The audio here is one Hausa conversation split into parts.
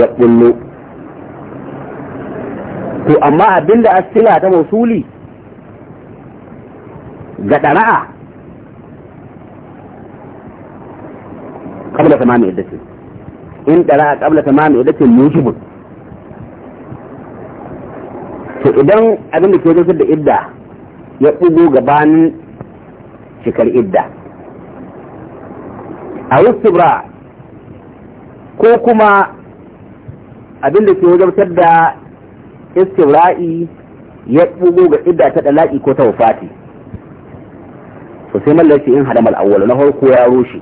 ya bullo to amma abinda asila ta mausuli ga ɗana'a kabla tamami iddatin in ɗana'a kabla tamami iddatin mujibun to idan abinda ke wajen da idda ya ɗugo gabanin shekar idda a wustubra ko kuma abin da ke wajabtar da istirai ya bugo ga idda ta dalaki ko ta wufati to sai shi in hadamal al-awwal na farko ya rushe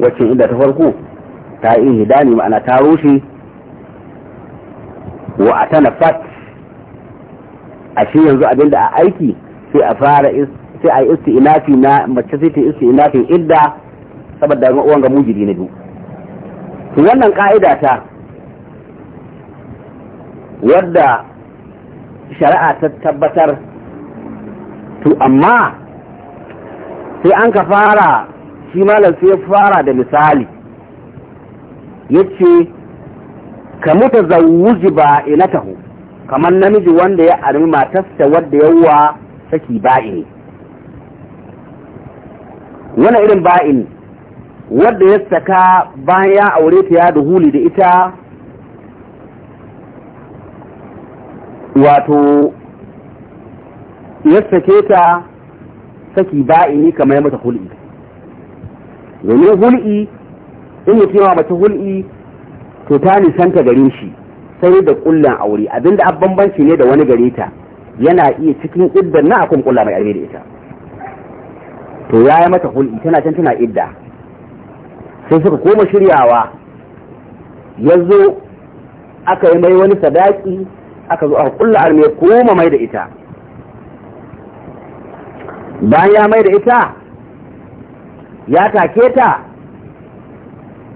wacce idda ta farko ta yi hidani ma'ana ta rushe wa a tana fat ashe yanzu abin da a aiki sai a fara sai a yi inafi na mace sai ta inafi idda saboda ruwan ga mujidi na biyu to wannan ka'ida ta wadda shari'a ta tabbatar to amma sai an ka fara shi malam sai ya fara da misali ya ce ka muta zawuji ba inatahu kamar namiji wanda ya armi matarsa wadda yawa saki ba'ini wani irin ba'ini wadda ya saka bayan ya aure ta ya duhuli da ita wato ya sake ta saki ba'ini kamar ya mata hul'i domin hul'i in ya kewa mace hul'i to ta nisanta gare shi sai da kullan aure abinda a bambanci ne da wani gare ta yana iya cikin iddar na akwai kulla mai arme da ita to ya yi mata hul'i tana can tana idda sai suka koma shiryawa ya zo aka yi mai wani sadaki aka zo aka kulla arme koma mai da ita bayan ya mai da ita ya take ta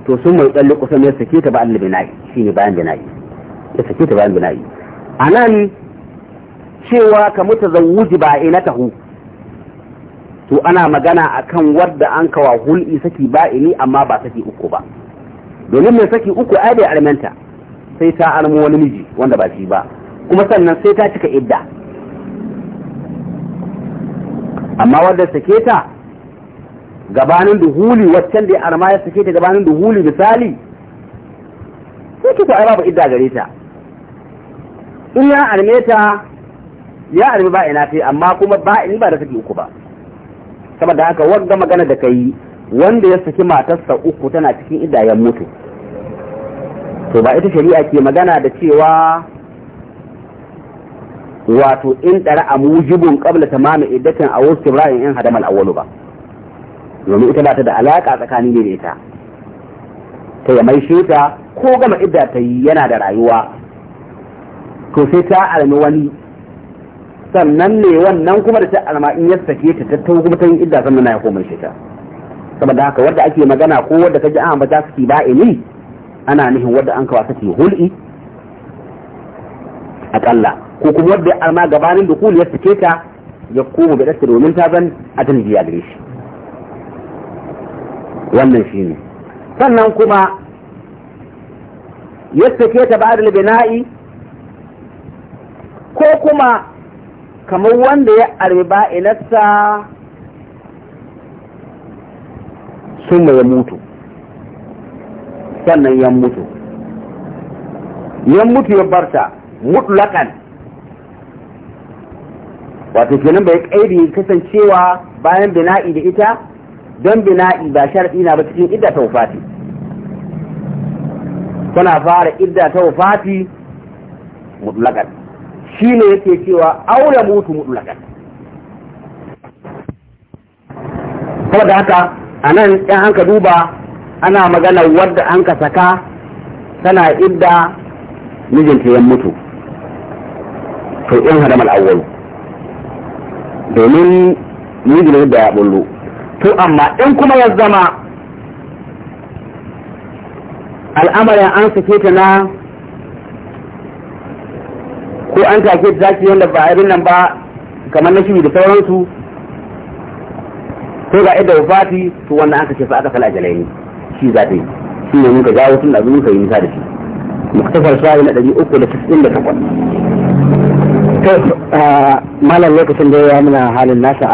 to sun mai tsalle kusan ya sake ta ba'al bina'i shine bayan bina'i ya sake ta bayan bina'i anan cewa ka wuji ba ina tahu to ana magana akan wadda an kawa hul'i saki ba'ini amma ba saki uku ba domin mai saki uku ai bai armenta sai ta almo wani miji wanda ba shi ba kuma sannan sai ta cika idda amma wadda sake ta gabanin duhuli waccan da ya arma ya sake ta gabanin duhuli misali sai kika ai babu idda gare ta in ya arme ta ya arme ba ina ta amma kuma ba in ba da saki uku ba saboda haka wanda magana da kai wanda ya saki matarsa uku tana cikin idda ya mutu to ba ita shari'a ke magana da cewa wato in dara a mujibin qabla tamami iddatin a wasu ibrahim in hadama al'awalu ba domin ita ta da alaka tsakanin ne da ita ta ya maishe ta ko gama idda ta yi yana da rayuwa to sai ta almi wani sannan ne wannan kuma da ta alma in ya sake ta tattau kuma ta yin idda sannan ya koma shi ta saboda haka wadda ake magana ko wadda ka ji an ta su ba ba'ini ana nihin wadda an kawa ta hul'i ƙalla. ko kuma wadda arma gabanin da dukuli ya ke ta ya koma ga ɗasta domin ta zan adal biya gare shi wannan shi ne sannan kuma ya ke ta ba da bina'i ko kuma kamar wanda ya arbi inasta sun ya mutu sannan ya mutu ya mutu ya barta mutlakan wato kenan bai kaidi kasancewa bayan bina'i da ita don bina'i ba sharadi na ba cikin idda ta wafati tana fara idda ta wafati mutlaqan ne yake cewa aure mutu mutlaqan da haka anan in an ka duba ana magana wadda an ka saka tana idda mijinta ya mutu to in hadamal awwalu domin mijin da ya bullo to amma in kuma ya zama al'amarin an sake ta na ko an take ta zaki wanda ba abin nan ba kamar na shi da sauransu ko ga idda wafati to wannan an ce fa aka fala jalai shi za ta yi shi ne muka jawo tun da zuwa muka yi nisa da shi muktasar sa'i na 398 malam lokacin da ya muna halin nasa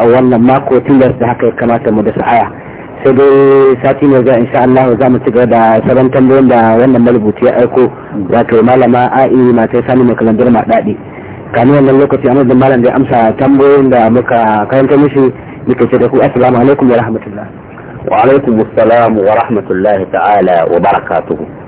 a wannan mako tilas da haka ya kamata mu da sa'aya sai dai sati ne ga insha Allah za mu ci gaba da sabon tambayoyin da wannan marubuci ya aiko wato malama a'i ta sani mai kalandar ma daɗi kamin wannan lokaci a da malam da amsa tambayoyin da muka karanta mishi muke ce da ku assalamu alaikum wa rahmatullah wa alaikum assalam wa rahmatullahi ta'ala wa barakatuhu